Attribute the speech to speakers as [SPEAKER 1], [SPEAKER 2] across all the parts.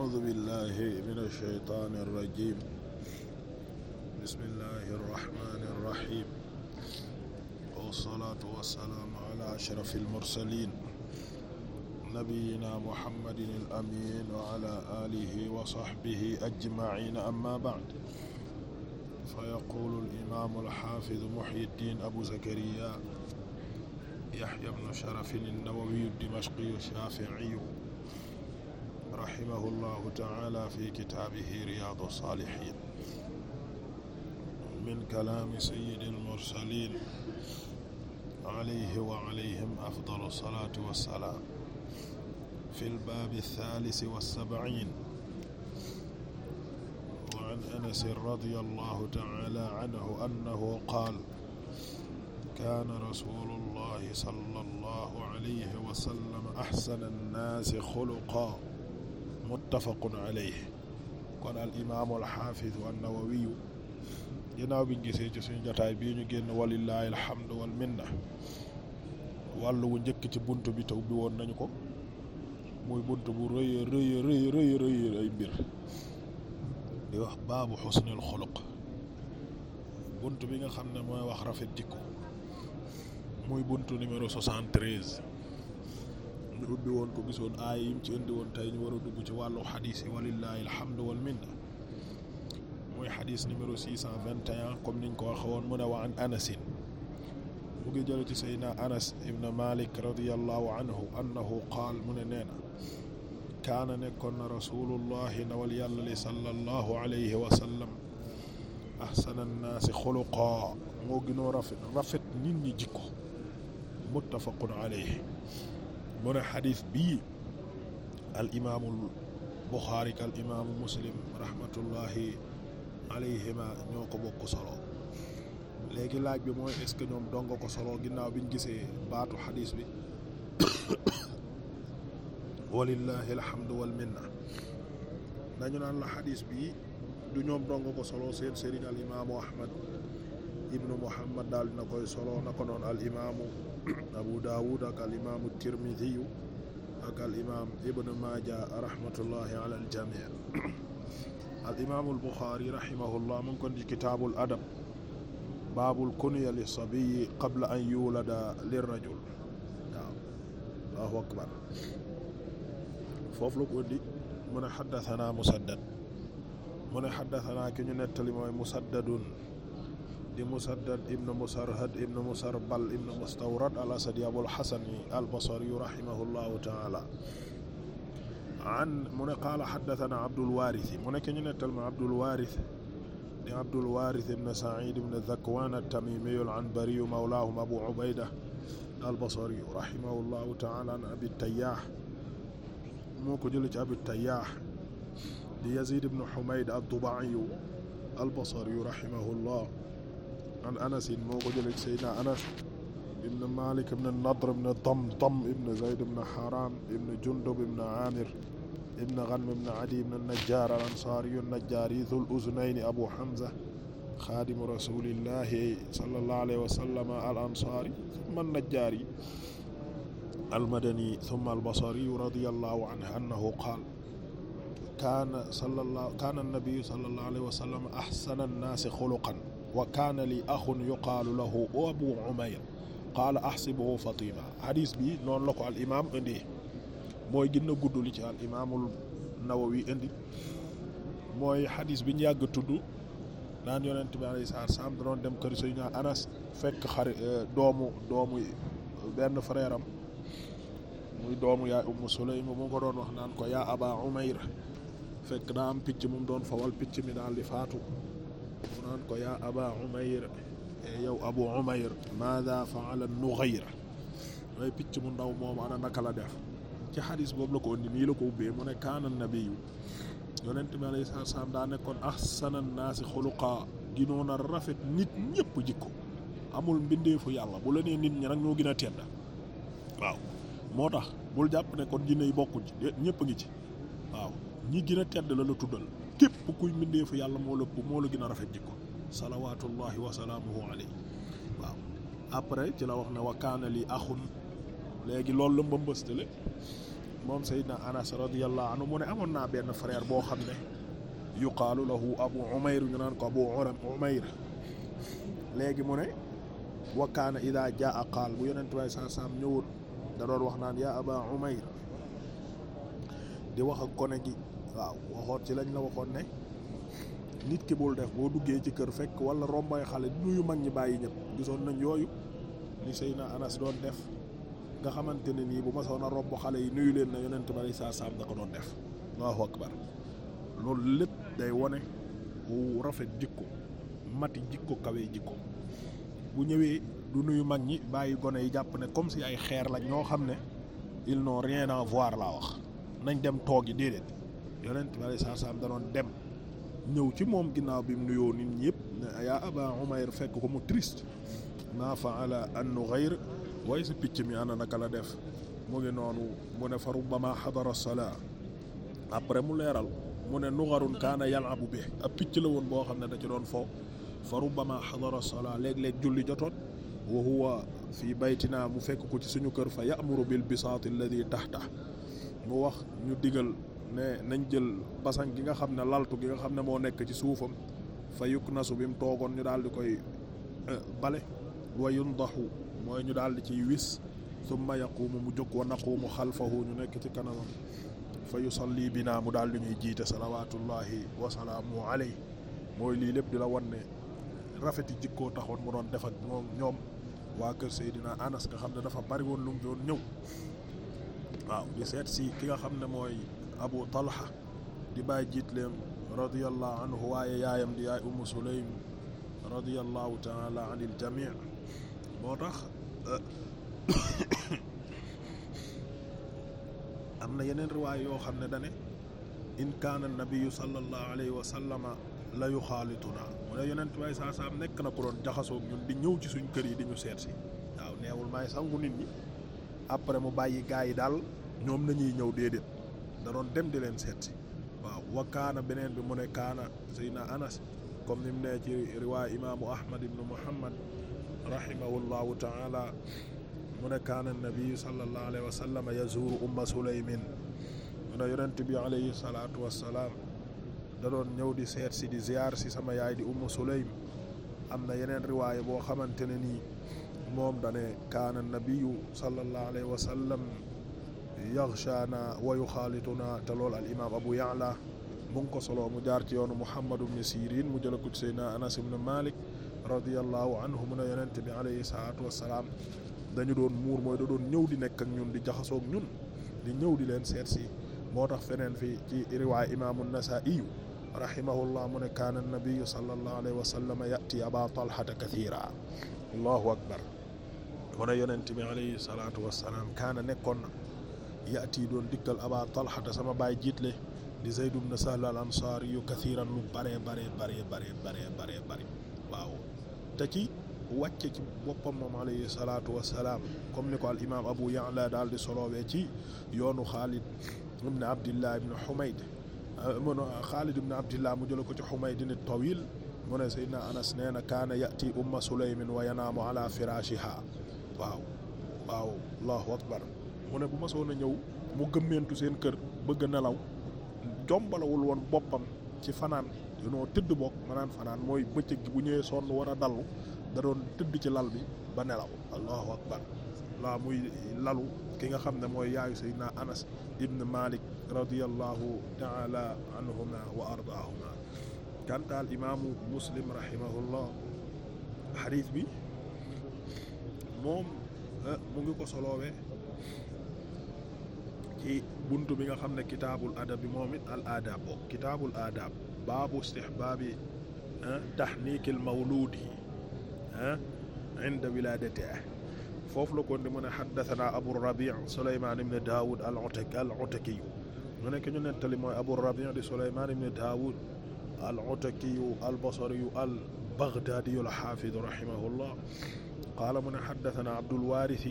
[SPEAKER 1] أعوذ بالله من الشيطان الرجيم بسم الله الرحمن الرحيم والصلاة والسلام على أشرف المرسلين نبينا محمد الأمين وعلى آله وصحبه أجمعين أما بعد فيقول الإمام الحافظ محي الدين أبو زكريا يحيى بن شرف النووي الدمشقي الشافعي rahimahu llahu taala fi kitaabihi riyaadu saalihiin min kalaami sayyidil mursaliin alayhi wa alayhim afdalu salaatu wa salaam fil baabi saalisi wa sab'iin wa an Anas radiyallahu taala anhu annahu qaala kaana rasuulullahi sallallahu alayhi wa sallam ahsana nnaasi xuluqan muttafaqun alayhi kon al imaamu al xaafizu annawawiyu ginnaaw bi ñu gisee ci suñu jotaay bii ñu génn walillaahi alhamdu wal minna wàllu wu njëkk ci bunt bi te ubbi woon nañu ko muy bunt bu rëy rëy rëy rëy ay mbir di wax baabu xusnil xuluq bunt bi nga xam ne mooy wax rafet jikko muy bunt numéro 73 ubbi woon ko gisoon aay yim war a dugg ci wàllu xadis yi walillahi alhamdu wal minna mooy xadis numéro 621 comme niñ ko waxee woon mu ne wa an ngi jële ci seydna anas ibn malik radiallahu anhu qaal mu ne nee na kaana nekkoon na rasulullahi ndawal yàlla li alayhi wa sallam ahsana annaasi xuluqaa moo gënoo rafet nit ñi jikko muttafaqun alayhi mu ne xadis bii al imaamul buxaari ak al imaamu muslim rahmatullahi alayhima ñoo ko bokk solo léegi laaj bi mooy est que ñoom dong ko solo ginnaaw biñ gisee baatu xadis bi walillahi alhamdu wal minna naan la xadis bii du ñoom dong ko solo seen sëriñ al imaamu ahmad ibnu muhammad daal dina koy solo na ko noon al imaamu Abu Daawud ak al imaamu Tirmidiyu ak al imaam Ibn Maaja rahmatullahi ala al jamii al imaamul Buxaari rahimahullah mu ngi kon ci kitaabul adab baabul kunya li sabiyi qabla an yulada li rajul waaw Allahu akbar foofu la ko indi mu ne xaddasanaa Musaddad mu ne xaddasanaa ki ñu nettali mooy Musaddadun di musaddad ibn musarhad ibn musarbal ibn mustawrad al asadi abul xasani al basri rahimahullahu taala an mu ne qaala xaddatana abdulwaarisi mu nekk ñu nettal ma abdulwaarisi di abdulwaarisi ibn said ibn dhakwaan at-tamimiyu al-anbariyu mawlaahum abu ubayda al basri rahimahullahu taala an abi tayyaax moo ko jëlee ci abi tayyaax di yazid ibn humayd ad-dubaciyu al basri rahimahullah an anas moo ko jëlee ci Seydina anas ibn malik ibn nadr ibn damdam ibn zayd ibn haram ibn jundub ibn amir ibn ghanm ibn adi ibn najjar al ansari yu najjari dhul uznayni abu hamza xaadimu rasulillahi sallallahu alayhi wa sallam al ansari thumma najjari al madani thumma al basri radiyallahu anhu annahu qaal kaana sallallahu kaana nabiyu sallallahu alayhi wa sallam ahsana nnaasi xuluqan wa kaana li axun yuqaalu lahu abu umayr qaala ahsibuhu fatima hadis bi noonu la ko al imaam indi mooy gën gudd li ci al imaamul nawawi indi mooy hadis bi ñu yàgg tudd naan yonent bi alayhi salaatu salaam da doon dem kër Seydina fekk xari eh, doomu doomu benn frère muy doomu yaay Ummu Sulaym mu ko doon wax naan ko yaa Aba Umayr fekk daa am picc mu doon fawal picc mi daal di faatu mu naan ko yaa aba umayr eh, yow abu umayr maada faala nughayra mooy picc mu ndaw moom ana naka la def ci xadis boobu la ko indi nii la ko ubbee mu ne kaana nabiyu yonent bi alayhi salaatu salaam daa nekkoon ahsana naasi xuluqa ginoon rafet nit ñëpp jikko amul mbindeefu yàlla bu ñi nag ñoo gën a tedd moo tax bul jàpp ne kon jinne yi bokkuñ ci ñëpp a ngi ci waaw ñi gën tedd la la tuddal képp kuy mbindeefu yàlla moo la moo la gën a rafet jikko salawaatullahi waaw après ci la wax na wa kaana li axun léegi loolu la mbambastale moom Seydina Anas radiyallahu anhu mu ne amoon naa benn frère boo xam ne yuqaalu lahu Abu Umayr ñu naan ko Abu Umayr léegi mu ne wa kaana jaa qaal bu yonent way saa saam ñëwoon wax naan yaa Aba Umayr di wax ak gone gi waaw waxoon ci lañ la waxoon ne nit ki bul def boo duggee ci kër fekk wala rombay xale nuyu mag ñi bàyyi ñëpp gisoon nañ yooyu ni Seyna Anas doon def nga xamante ne nii bu ma soon a romb xale yi nuyu leen na yonent bari saa saam nga ko doon def Allahu akbar loolu lépp day wone wu rafet jikko mati jikko kawe jikko bu ñëwee du nuyu mag ñi bàyyi gone yi jàpp ne comme si ay xeer la ñoo xam ne il no rien à voir laa wax nañ dem toog yi déedéet yonent bi alayhi salaam dem ñëw ci moom ginnaaw bi mu nuyoo nit ñi yëpp ne yaa aba umayr fekk ko mu triste maa faala annu ghayr waaye sa picc mi ana naka la def mu ngi noonu mu ne fa rubbama xadara salaa après mu leeral mu ne nugarun kaana yalabu bi a picc la woon boo xam ne da ci doon fo fa rubbama xadara salaa léeg-léeg julli jotoon wa huwa bayti naa mu fekk ko ci suñu kër fa ya'muru bil bisaati alladi tax mu wax ñu digal ne nañ jël basan gi nga xam ne laltu gi nga xam ne moo nekk ci suufam fa yukk nasu bi mu toogoon ñu daal di koy euh, bale wa yundaxu mooy ñu daal di ciy wis summa yaquumu mu jóg wa naquumu xalfahu ñu nekk ci kanamam fa yusalli binaa mu daal di ñuy jiite salawaatullahi wa salaamu alayhi mooy lii lépp di la wan ne rafeti jikkoo taxoon mu doon def ak ñoom waa kër Seydina Anas nga xam ne dafa bari woon lu mu doon ñëw waaw di seet si ki nga xam ne mooy abu talha di bàyyi jiitleem radiallahu anhu waaye yaayam di yaay umu sulaym radiallahu taala an il moo tax am na yeneen riwaay yoo xam ne dane in kaana nabiyu sallallahu alayhi wa sallama la yuxaalituna mu ne yonent may saa saam nekk na ko doon jaxasoog ñun di ñëw ci suñu kër yi di ñu seet si waaw neewul may sangu nit ñi après mu bàyyi gaa yi daal ñoom nañuy ñëw déedéet da dem di leen seetsi waaw wa kaana beneen bi mu ne kaana Seydina Anas comme ni mu ne ci riwaay imaamu Ahmad ibn Muhammad rahimahullahu taala mu ne kaana nabi sallallahu ñëw di seet si di ziyaar si sama yaay di ummu sulaym am na yeneen riwaay boo xamante ne nii moom dane kaana nabiyu sallallahu alayhi wa sallam yaxshaana wa yuxaalituna te lool al imaam abu yaala bu ko soloo mu jaar ci yoonu muhammad ibn sirin mu jëla ko ci seydna anas ibn malik radiallahu anhu mu ne yonent bi alayhi salaatu wassalaam dañu doon muur mooy da ñëw di nekk ak ñun di jaxasoog ñun di ñëw di leen seet si moo tax feneen fi ci riwaay imaamu nasaiyu rahimahullah mu ne kaana nabiyu sallallahu alayhi wa sallam yati aba talhata kathira allahu akbar mu ne yonent bi alayhi salaatu kaana nekkoon na yaati doon dikkal aba talxata sama baay jiitle di zayd ibn sahl al ansaar yu kathiran lu bare bare bare bare bare bare waaw te ci wàcce ci boppam moom alayhi salaatu wassalaam comme ni ko al imaam abu ya'la daal di soloowee ci yoonu xaalid ibn abdillah ibn humayd xaalid ibn abdillah mu jëla ko ci humayd ni tawil mu ne seydna anas nee kaana yati umma sulaymin wa yanaamu ala firaashiha waaw waaw allahu akbar mu ne bu ma soon a ñëw mu gëmmeentu seen kër bëgg nelaw jombalawul woon boppam ci fanaan dinoo tëdd boog manaan fanaan mooy bëccëg bu ñëwee sonn war a dallu da doon tëdd ci lal bi ba nelaw allahu akbar laa muy lalu ki nga xam ne mooy yaayu sayyidina anas ibn malik radiallahu taala kantaal imaamu muslim rahimahullah xadiis bi moom eh, mu ngi ko solowee ci buntu bi nga xam ne kitaabul adab bi moom it al adab bokk kitaabul adab baabu istihbaabi ah, tahniikil mawluudi ah, inda wilaadatihi foofu la kon di mu ne xaddatanaa abu rabi' suleymaan ibn daawud al utaki al utaki ñu nekk ñu nettali mooy al utaki al basri al baghdaadi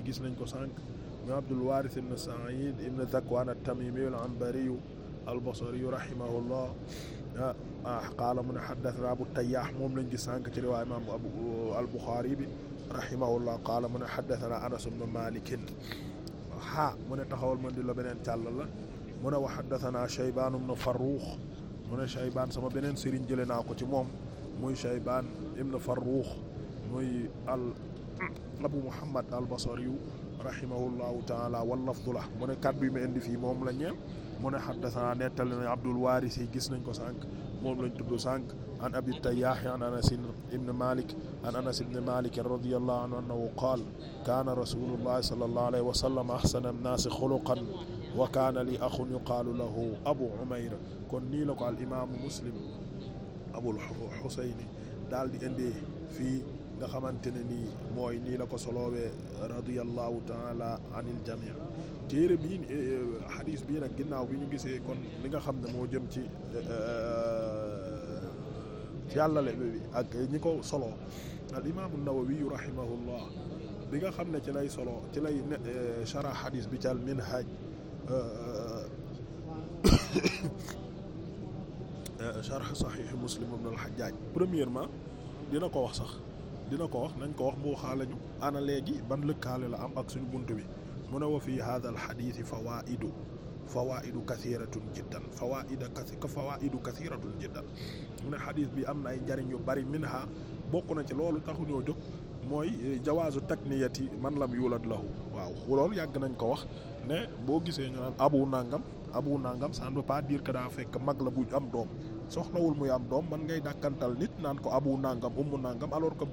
[SPEAKER 1] gis nañ ko sànq ñoom Abdul Waaris ibn Saïd ibn Zakwaan at-Tamiimi al-Anbari al-Basri rahimahullah ah, ah qaala mu ne xaddasanaa Abu Tayyaax moom lañ gis sànq ci riwaaya imaam Abu uh, al-Buxaari bi rahimahullah qaala mu ne xaddasanaa Anas ibn Maalik ha mu ne taxawal man di la beneen càll la mu ne wa xaddasanaa Shaybaan ibn Farruux mu ne Shaybaan sama beneen sëriñ jëlee naa ko ci moom muy Shaybaan ibn Farruux muy al Abu Muhammad al-Basri rahimahullahu taala wallafdu la mu ne kàddu yi ma indi fii moom la ñeel mu ne xaddasana nettali na abdul waaris yi gis nañ ko sànq moom lañ tudd sànq an abi tayyaahi an anas ibn malik an anas ibn malik radiallahu anhu annahu qaal kaana rasulullahi sallallahu alayhi wa sallam ahsana annaasi xuluqan wa kaana li axun yuqaalu lahu abu umayr kon nii la ko al imaamu muslim abul xusayni daal di indee fii nga xamante ne nii mooy nii la ko soloowee radiyallahu taala anil jamii téere bii eh, eh, hadis bii nag ginnaaw bi ñu gisee kon li nga xam ne moo jëm ci yàlla eh, jàllale bi ak ñi ko solo al imaamu nawawi rahimahullah bi nga xam ne ci lay solo ci lay ne shara hadis bi ci al minhaj sharh sahih muslim ibn al hajjaj premièrement dina ko wax sax dina ko wax nañ ko wax mu waxaale ñu ana léegi ban lëkkaale la am ak suñu bunt bi mu ne wa fi hadha al xadiisi fawaidu fawaidu kasiratun jiddan fawaida fawaidu kasiratun jiddan mu ne xadis bi am na ay njariñ yu bari minha bokk na ci loolu taxu ñoo jóg mooy eh, jawaazu takniyati man lam yulad lahu waaw loolu yàgg nañ ko wax ne boo gisee ñu naan abu nangam abu nangam ça ne veut pas dire que daa fekk mag la bu am doom soxlawul muy am doom man ngay dàkkantal nit naan ko abu nangam ummu nangam alors que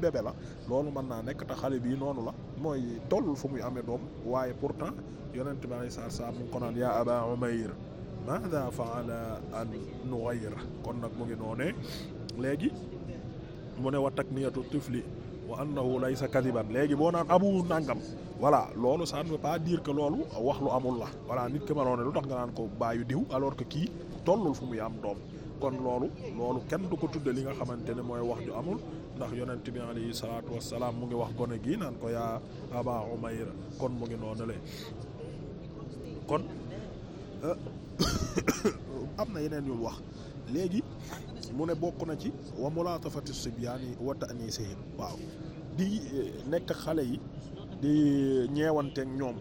[SPEAKER 1] bébé la loolu mën naa nekk xale bii noonu la mooy toll fu muy amee doom waaye pourtant yonent bi alayhi salaatu salaam mu ngi ko naan yaa kon nag mu ngi léegi mu ne wa takniyatu tifli wa annahu laysa kadiban léegi boo naan abu nàngam voilà loolu ça ne veut pas dire que loolu wax lu amul la voilà nit ki ma noonee lu tax nga naan ko baayu diw alors que kii tollul fu muy am doom kon loolu loolu kenn du ko tudde li nga xamante ne mooy wax ju amul ndax yonent bi alayhi salaatu wassalaam mu ngi wax gone gii naan ko yaa Aba Umayr kon mu ngi noonu le kon am na yeneen yu wax léegi mu ne bokk na ci wa mulaatafati sibyaani wa ta'nisihim waaw di eh, nekk xale yi di ñeewanteeg ñoom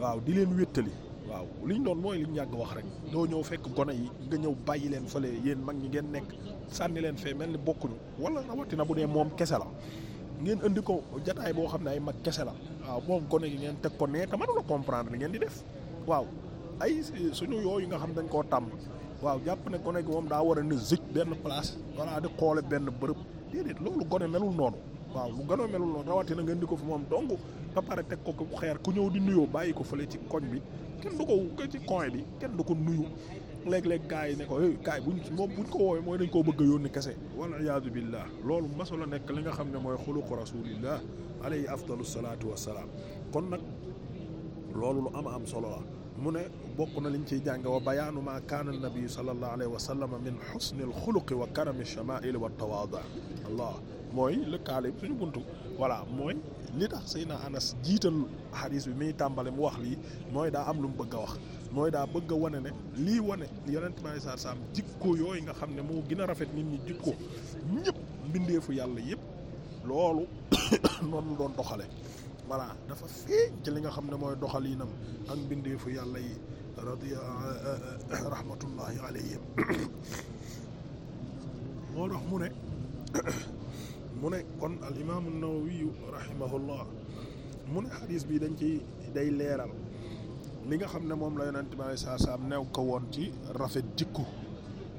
[SPEAKER 1] waaw di leen wéttali waaw li ñu doon mooy li yàgg wax rek doo ñëw fekk gone yi nga ñëw bàyyi leen fële yéen mag ñi ngeen nekk sànni leen fee mel ni bokkuñu wala rawatina bu dee moom kese la ngeen indi ko jataay boo xam ne ay mag kese la waaw moom gone gi ngeen teg ko nee te mënu la comprendre ni ngeen di def waaw ay suñu yooyu nga xam dañ koo tàmm waaw jàpp ne gone gi moom daa war a ne zëj benn place wala di xoole benn bërëb déedéet loolu gone melul noonu waaw lu gën a melul rawatina ngeen ko fi moom dong ba pare teg ko ko xeer ku ñëw di nuyoo bàyyi ko fële ci koñ bi kenn du ko ci coin bi kenn du ko nuyu léeg-léeg gars yi ne ko hey bu ñu buñ moom buñ ko woowee mooy dañ koo bëgg a yónni kese. wal iyaadu billah loolu maso la nekk li nga xam ne mooy xuluqu rasulillah alayhi afdalu wa wassalaam kon nag loolu lu am am solo la mu ne bokk na liñ ciy jànge wa bayaanu ma kaana nabi sallallahu alayhi wa sallam min xusni alxuluqi wa karami shamaa'il wa tawaadu allah mooy lëkkaale suñu buntu voilà mooy li tax Seydina Anas jiital xadis bi muy tàmbali mu wax lii mooy daa am lu mu bëgg a wax mooy daa bëgg a wane ne lii wone yonent bi saa saam jikko yooyu nga xam ne moo gën a rafet nit ñi jikko ñëpp mbindeefu yàlla yëpp loolu noonu lu doon doxale voilà dafa feeñ ci li nga xam ne mooy doxalinam ak mbindeefu yàlla yi radiya rahmatullahi alayhim moo tax mu ne mu ne kon al imaamu nawawiyu rahimahullah mu ne xadis bi dañ ci day leeral li nga xam ne moom la yonent bi alei saa salaam new ko woon ci rafet jikko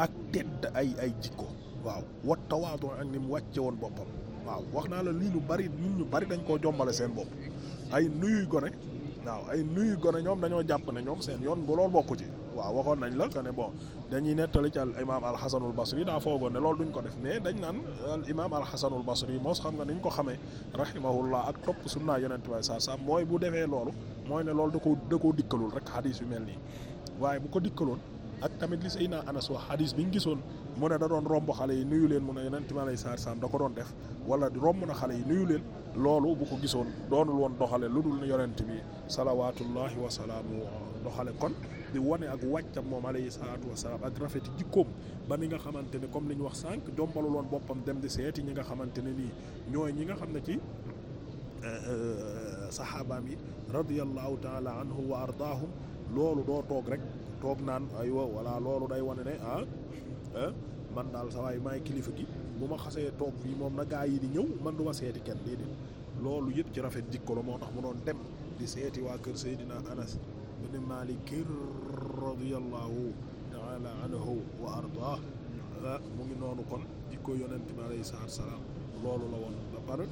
[SPEAKER 1] ak tedd ay ay jikko waaw wat tawaatoo ak ni mu wàcce woon boppam waaw wax naa la lii lu bari nit ñu bari dañ koo jombale seen bopp ay nuyuy gone waaw ay nuyuy gone ñoom dañoo jàpp ne ñoom seen yoon bu lool bokku ci waaw waxoon nañ la que ne bon dañuy nettali ci al imaam alxasanul basri daa foogoon ne loolu duñ ko def mais dañ naan al imaam alxasanul basri moos xam nga niñ ko xamee rahimahullah ak topp sunnaa yonent bi saa mooy bu defee loolu mooy ne loolu da koo da koo rek xadis yu mel nii waaye bu ko dikkaloon ak tamit li say naa anas wax xadis bi ñu gisoon mu ne da doon romb xale yi nuyu leen mu ne yonent bi alayhi salaatu da ko doon def wala romb na xale yi nuyu leen loolu bu ko gisoon doonul woon doxale lu dul ne yonent bi salawaatullahi wa salaamu doxale kon di wane ak wàcc wàccam moom alayhi salaatu wasalaam ak rafeti jikkoom ba ni nga xamante ne comme li ñu wax sànq jombalu loon boppam dem di seeti ñi nga xamante ne nii ñooy ñi nga xam ne ci euh, euh, saxaabaam yi radiyallahu taala anhu wa ardaahum loolu doo toog rek toog naan ay aywa walla loolu day wane ne ah, ah man daal sa waay maay kilifa gi bu ma xasee toog fii moom na gaa yi di ñëw man du ma seeti kenn déedéet loolu yëpp ci rafet jikko la moo tax mu doon dem di seeti waa kër Seydina Anas bin Maalik radiyallahu taala anhu wa ardaah mu ngi noonu kon jikko yonent bi alayhi salaatu salaam loolu la woon ba pare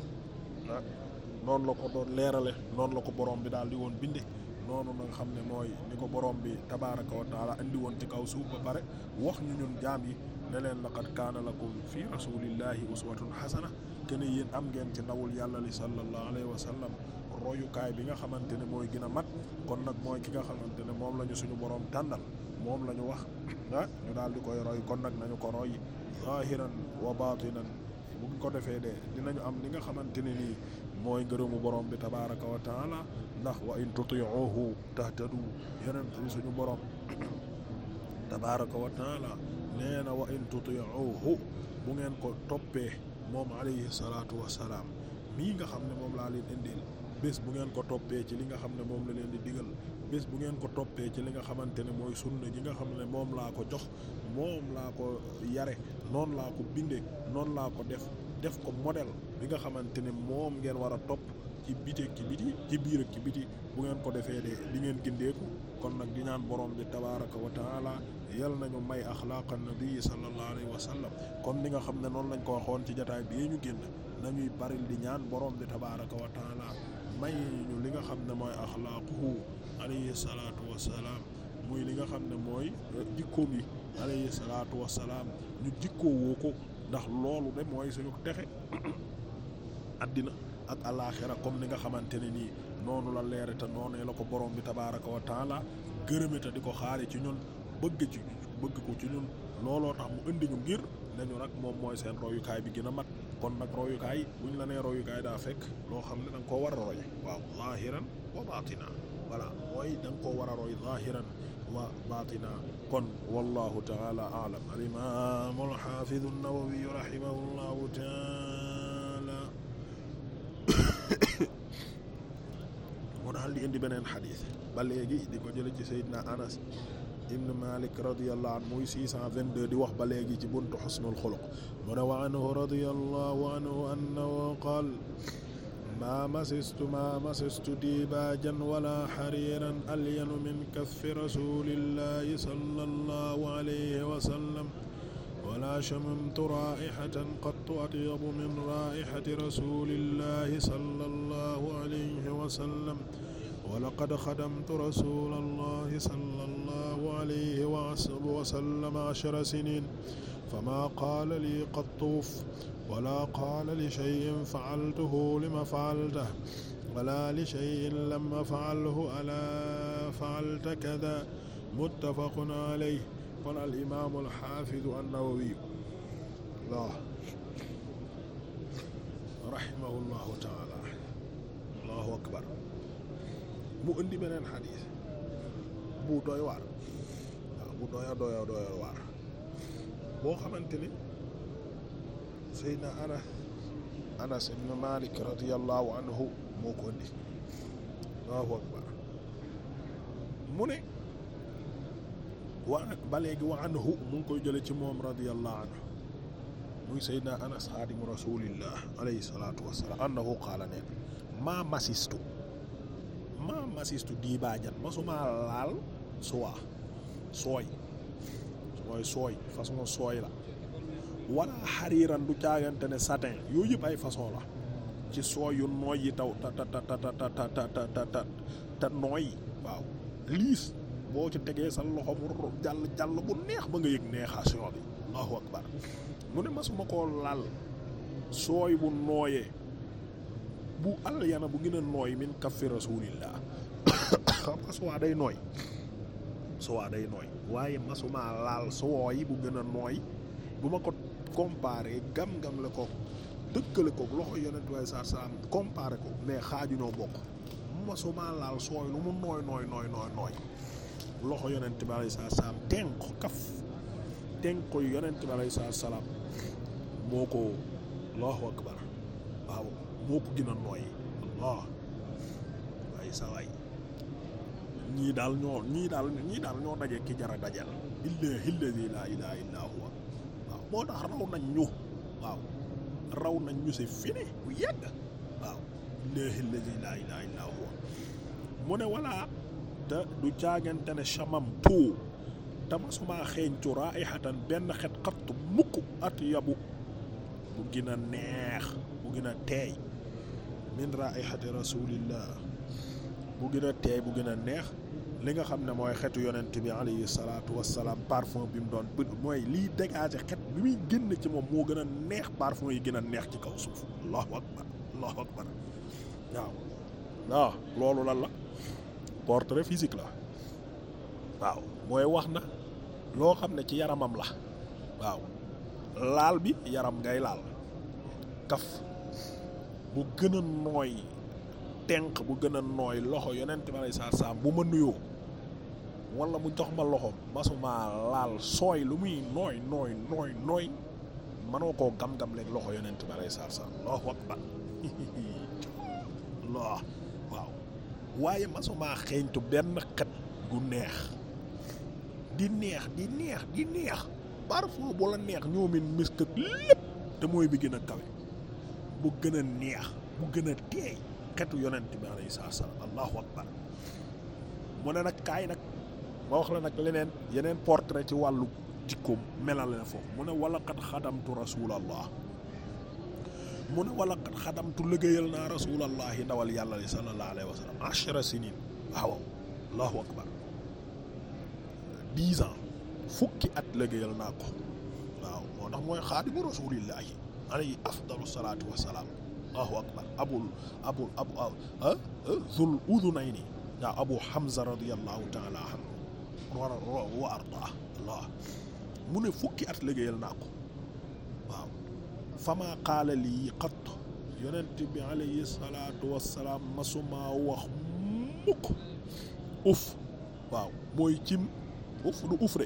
[SPEAKER 1] noonu la ko doon leerale noonu la ko borom bi daal di woon binde noonu na nga xam ne mooy ni ko borom bi tabaaraka wa taala indi woon ci kaw suuf ba pare wax ñu ñun jaam yi ne leen laqad kaana lakum fi rasulillahi uswatun hasana kenn yéen am ngeen ci ndawul yàlla li sallallahu alayhi wa sallam royukaay bi nga xamante ne mooy gën a mat kon nag mooy ki nga xamante ne moom lañu suñu boroom tànnal moom la ñu wax ah ñu daal di koy roy kon nag nañu ko roy zahiran wa batinan buñ ko defee de dinañu am li nga xamante ne nii mooy ngërëmu borom bi tabaraka wa taala ndax wa in tuti'uhu tahtadu yenent bi suñu borom tabaraka wa taala nee bu ngeen ko toppee moom alayhi salaatu wa salaam mii nga xam ne moom laa leen indil bés bu ngeen ko toppee ci li nga xam ne moom la leen di digal bés bu ngeen ko toppee ci li nga xamante ne mooy sunna ji nga xam ne moom laa ko jox moom laa ko yare noonu laa ko binde noonu laa ko def def ko modèle bi nga xamante ne moom ngeen war a topp ci biteeg ci biti ci biir ak ci biti bu ngeen ko defee de di ngeen gindeeku kon nag di ñaan borom bi tabaraka wa taala yal ñu may axlaaqa a sallallahu alayhi wa sallam comme ni nga xam ne noonu lañ ko waxoon ci jataay bii ñu génn nañuy bari di ñaan borom bi tabaraka wa taala may ñu li nga xam ne mooy axlaaquhu alayhi salaatu wassalaam muy li nga xam ne mooy euh, jikkoom bi alayhi salaatu wassalaam ñu jikkoo ko ndax loolu de mooy suñu texe àddina ak alaaxira comme li nga xamante ne nii noonu la leere te noonu la ko borom bi tabaaraka wa taala gërëme di ko xaare ci ñun bëgg ci bëgg ko ci ñun looloo tax mu indi ñu ngir nañu nag moom mooy seen royukaay bi gën a mat kon nag royukaay buñ la nee royukaay daa fekk loo xam ne da nga koo war a roy waaw wa batina voilà mooy da nga koo war a roy zahiran wa batina kon wallahu taala aalam al nawawi rahimahullahu taala mu di indi beneen xadis ba léegi di ko jële ci Seydina Anas ibn malik radiallahu anhu muy 622 di wax ba léegi ci buntu xusnul xuluq mu ne wa anhu radiallahu anhu annahu qaal maa masistu maa masistu dibaajan wala xariiran alyanu min kaffi rasulillahi sallallahu alayhi wa sallam wala shamamtu raa'ihatan qattu atyabu min raa'ihati rasulillahi sallallahu alayhi wa sallam walaqad xadamtu rasula allahi sala allahu alayhi wasallam achara sinin fama qaala lii qattuuf wala qaala li cheyin faaltuhu lima faalta wala li cheyin lama faalhu alaa faalta kada muttafaqun aley kon al imaamu alxaafidu annawawi waaw rahimahu llahu taala allahu akbar mu indi beneen xadiis bu doy waar waaw bu doya doya doya waar boo xamante ni Seydina Anas Anas ibn Malik radiyallahu anhu moo ko indi koy jële ci moom radiyallahu anhu muy Seydina Anas xaadimu rasulillah alayhi salatu wassalam annahu qaala neen ma masistu ma masistu diibaajan masumaa laal suwaa sooy mooy sooy façon sooy la wala xariiran du caagante ne satin yooyu yëpp ay façon la ci sooy yu nooy yi taw ta ta ta ta ta ta ta ta waaw liis boo ci tegee sa loxo mu jàll jàll bu neex ba nga yëg neexation bi mu ne masuma koo laal sooy bu nooyee bu alyana bu gën a nooy min kaffi rasulillah xam nga suwaa day nooy suwaa day nooy waaye masumaa laal suwooyi bu gën a nooy bu ma ko comparé gam-gam la dëkkale ko loxo yonent waaye saa saa comparé ko mais xaaju bokk masumaa laal sooy lu mu nooy nooy nooy nooy loxo yonent bi alayhi salaatu salaam tenq kaf tenq ko yonent bi alayhi salaam moo ko allahu akbar waaw moo ko gën nooy allah waaye sa ñii daal ñoo ñii daal ñii daal ñoo daje ki jara dajal illaahi lladi laa ilaha illa huwa waaw nañ ñu waaw raw nañ ñu c'est fini bu yàgg waaw illaahi laa ilaha mu ne walaa du caagante ne chamam tuu tamasuma xeeñtu raihatan benn xet xatt mukk at yabu bu gën neex bu gën teey min raihati rasulillah bu gën a teey bu gën a neex li nga xam ne mooy xetu yonent bi alayhi salaatu wassalaam parfum bi mu doon mooy liy dégagé xet bi muy génn ci moom moo gën a neex parfum yi gën a neex ci kaw suuf allahu akbar allahu akbar waaw waaw loolu lan la portrait physique la waaw mooy wax na loo xam ne ci yaramam la waaw laal bi yaram ngay laal kaf bu gën a nooy tenq bu gën a nooy loxo yonent bi aleyhi salaatu bu ma nuyoo wala mu jox ma loxo masuma laal sooy lu muy nooy nooy nooy nooy mënoo ko gam-gam leeg loxo yonent bi aleyhi salaatu salaam allahu akbar allah waaw waaye masuma xeeñtu benn xet gu neex di neex di neex di neex bu la neex ñoomin misk lépp te mooy bi gën a kawe bu gën a neex bu gën a teey xetu yonent bi alayhi salaam allahu akbar mu ne nag kaay nag ma wax la nag leneen yeneen portrait ci wàllu jikkoom na leen foofu mu ne wala qad xadamtu rasulallah mu ne wala qad xadamtu liggéeyal naa rasulallahi ndawal yàlla li sallallahu alayhi wa sallam ashra sinin waaw allahu akbar dix ans fukki at liggéeyal naa ko waaw moo tax mooy xaadimu rasulillahi alayhi afdalu salaatu wasalaam allahu akbar abul abul abu ah zul udunayni waaw abu hamza radiallahu taala anhu wa ardaa allah mu ne fukki at liggéeyal naa ko waaw fama qaala lii qatt yonent bi alayhi salaatu wasalaam masuma wax mukk uf waaw mooy cim uf du uf de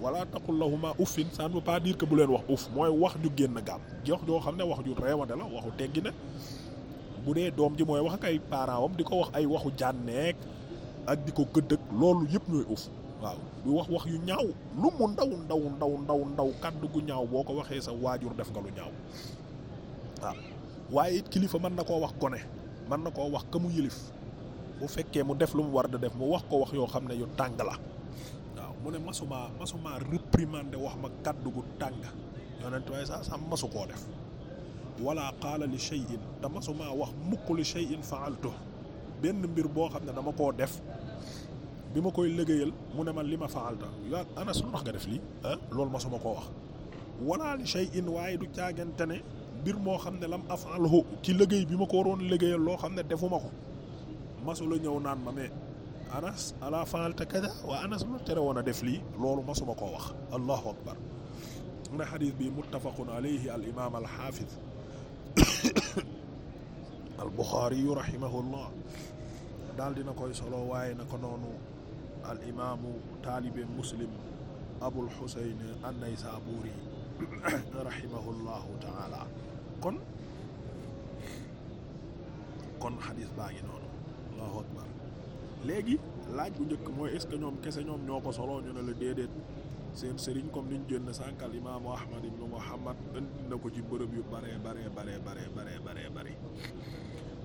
[SPEAKER 1] wala taqul lahuma uffin ça ne veut pas dire bu leen wax uff mooy wax ju génn gaam jox joo xam ne wax ju reewante la waxu teggi na bu dee doom ji mooy wax ak ay parents am di ko wax ay waxu jànneek ak di ko gëdd loolu yëpp ñooy uff waaw di wax wax yu ñaaw lu mu ndaw ndaw ndaw ndaw ndaw kàddu gu ñaaw boo ko waxee sa waajur def nga lu ñaaw waaw waaye it kilifa mën na koo wax gone mën na koo wax ka mu yilif bu fekkee mu def lu mu war da def mu wax ko wax yoo xam ne yu tàng mu ne masuma masuma de wax ma kàddu tàng yonent waaye saa saa masu koo def wala qaala li te masuma wax mukk li shay'in benn mbir boo xam ne dama koo def bi ma koy liggéeyal mu ne ma li ma fa'alta yaa Anas lu tax nga def lii ah, loolu masuma koo wax wala li waaye du caagante ne mbir moo xam ne lam af'alhu ci liggéey bi ma ko waroon liggéeyal loo xam ne defuma ko masu la ñëw naan ma mais anas ala faalta kada waa anas lu tere woon def lii loolu masuma koo wax allahu akbar mu ne xadis bi muttafaqun alayhi al imaam al xaafid daal dina koy solo waaye na ko noonu al imaamu taalibe muslim abul xuseyn an-Naysaburi rahimahullahu taala kon kon baa ngi noonu allahu akbar léegi laaj bu njëkk mooy est-ce que ñoom kese ñoom ñoo ko soloo ñu ne la déedéet seen sëriñ comme niñ génn sànkal imaamu ahmad ibnu muhammad indi na ko ci bërëb yu bare bare bare bare bare bare bare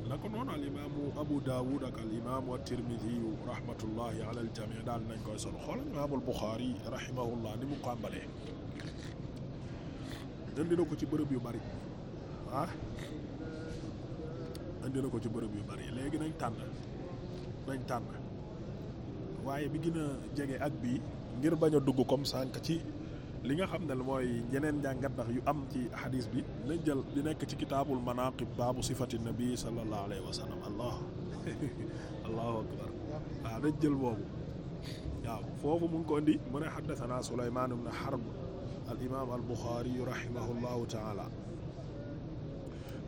[SPEAKER 1] naka noonu al imaamu abu daawud ak al imaamu al jamii daal nañ koy solo xool imaamul indi na ko ci bërëb yu bari ah ci bërëb yu bari léegi nañ tànn lañ tànn waaye bi gën a jege at bii ngir bañ a dugg comme sànq ci li nga xam ne mooy yeneen njàngat ndax yu am ci xadis bi nañ jël di nekk ci kitaabul manaqib baabu sifati nabi sallallahu alayhi wa sallam allah waaw nañ jël boobu waaw foofu mu ko indi mu ne xaddathana suleymaan ibn harb al imaam al buxaari rahimahu llahu taala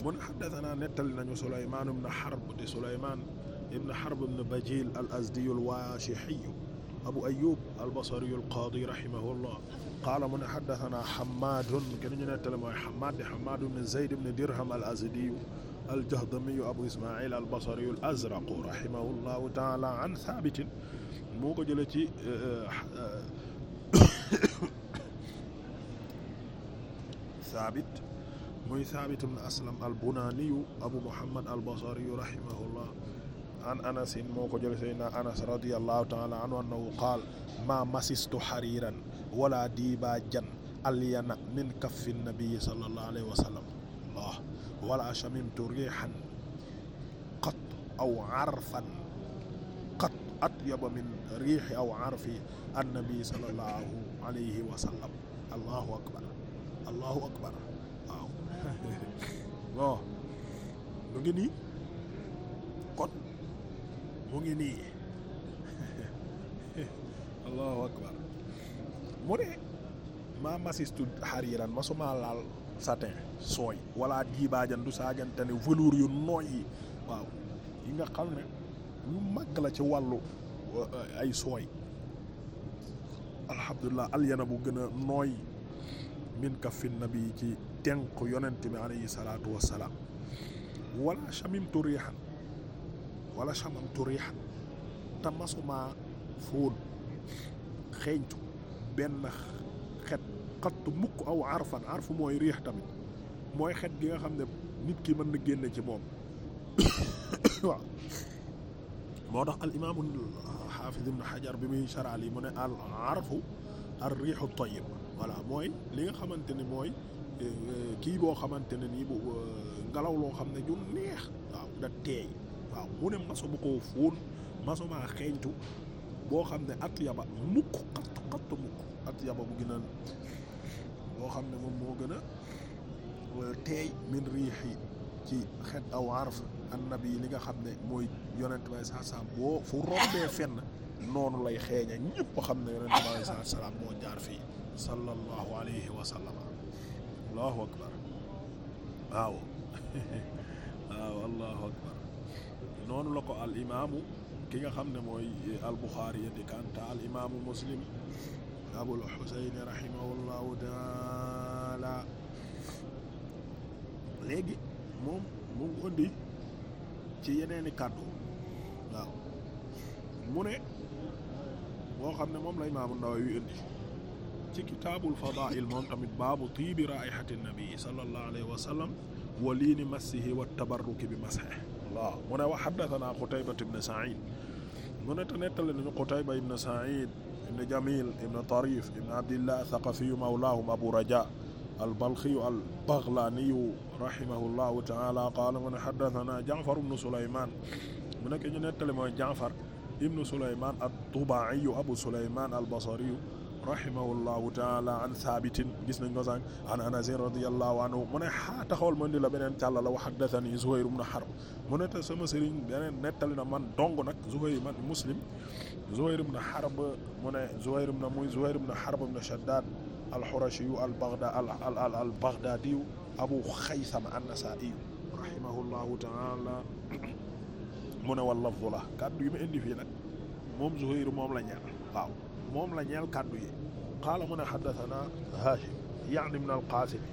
[SPEAKER 1] mu ne xaddathana nettali nañu suleymaan ibn harb di suleymaan ibn Harb ibn Bajil al Azdiyu al Waashixiyu Abu Ayyub al Basriyu al Qaadi rahimahullah qaala mu ne haddasanaa Hammaadun kenn ñu nettali mooy Hammaad di Hammaad ibn Zayd ibn Dirham al Azdiyu al Jahdamiyu Abu Ismaaciil al Basriyu al Azraqu rahimahullahu taala an Saabitin moo ko jëlee ci euh, euh, Saabit muy Saabit ibn Aslam al Bunaaniyu Abu Muhammad al Basriyu rahimahullah an anasin moo ko jële seydna anas radiallahu taala anhu annahu qaal ma masistu xariran wala diiba jan alyana min kaffi nabii sallallahu alayhi wa sallam allah wala shamimtu riixan qat aw arfan qat atyaba min riixi aw arfi annabi sallallahu alayhi wa sallam allahu akbar allahu akbar waaw bon lu ngi nii mu ngi nii allahu akbar mu ne maa masistu hariran masumaa laal satin sooy wala diibaajan du saagante ne velours yu nooy yi nga xam ne yu màgg la ci wàllu eh, ay sooy alhamdulilah alyana bu gën a nooy min kafin nabi ci tenk yonent bi alayhi wassalaam wala shamimtu rihan wala chamantu riixan te masuma fóon xeeñtu benn xet xatt mukk aw arfan arfu mooy riix tamit mooy xet gi nga xam ne nit ki mën na génne ci moom waaw moo tax al imaamu xaafis ibn xajar bi muy saraal yi mu ne al arfu ar riixu tayyib voilà mooy li nga xamante ni mooy eh, kii boo xamante ne nii eh, ngelaw loo xam ne ju neex waaw da teey waaw mu ne masuma koo fóon masuma xeeñtu boo xam ne at yaba mukk xatt xatt mukk at yaba bu gën boo xam ne moom moo gën a teey min riixi ci xet aw arf annabi li nga xam ne mooy yonent bay saa boo fu rombee fenn noonu lay xeeña ñëpp xam ne yonent bi alayhi moo jaar fii sallallahu alayhi wa allahu akbar waaw waaw allahu akbar noonu la ko al imaamu ki nga xam ne mooy al Buxaari indi kanta al imaamu Muslim Abul Husayn rahimahullahu taala léegi moom mu ngi indi ci yeneeni kàddu waaw mu ne boo xam ne moom la imaamu Nawawi indi ci kitaabul fadaa'il moom tamit baabu tiibi raa'ihati nabi sallallahu alayhi wa sallam wa wa tabarruki bi masxihi waaw mu ne wa xaddatanaa Qutaybat ibn Saïd mu ne te nettali nañu Qutayba ibn Saïd ibn Jamil ibn Tarif ibn Abdillah Thaqafiyu mawlaahum Abu Raja al-Balkhiyu al-Baghlaniyu rahimahullahu ta'ala qaala mu ne xaddatanaa Jaafar ibn Sulaymaan mu nekk ñu nettali mooy Jaafar ibn Sulaymaan at-Tubaa'iyu Abu Sulaymaan al-Basriyu rahimahullahu taala an thabitin gis nañ ko sànq an anasin radiallahu anhu mu ne xaa taxawal ma di la beneen càlla la wax hadathani Zuhayr ibn Harb mu ne te sama sëriñ beneen nettali na man dong nag Zuhayr man muslim Zuhayr ibn Harb mu ne Zuhayr ibn muy Zuhayr ibn Harb ibn Shaddad al-Qurashiyu al-Baghda al al-Baghdadiyu Abu Khaytham an-Nasa'iyu rahimahullahu taala mu ne wallafdu la kàddu yi ma indi fii nag moom Zuhayr moom la ñaan waaw moom la ñeel kàddu yi qaala mu ne xaddathana haashim yaani ibn al qaasim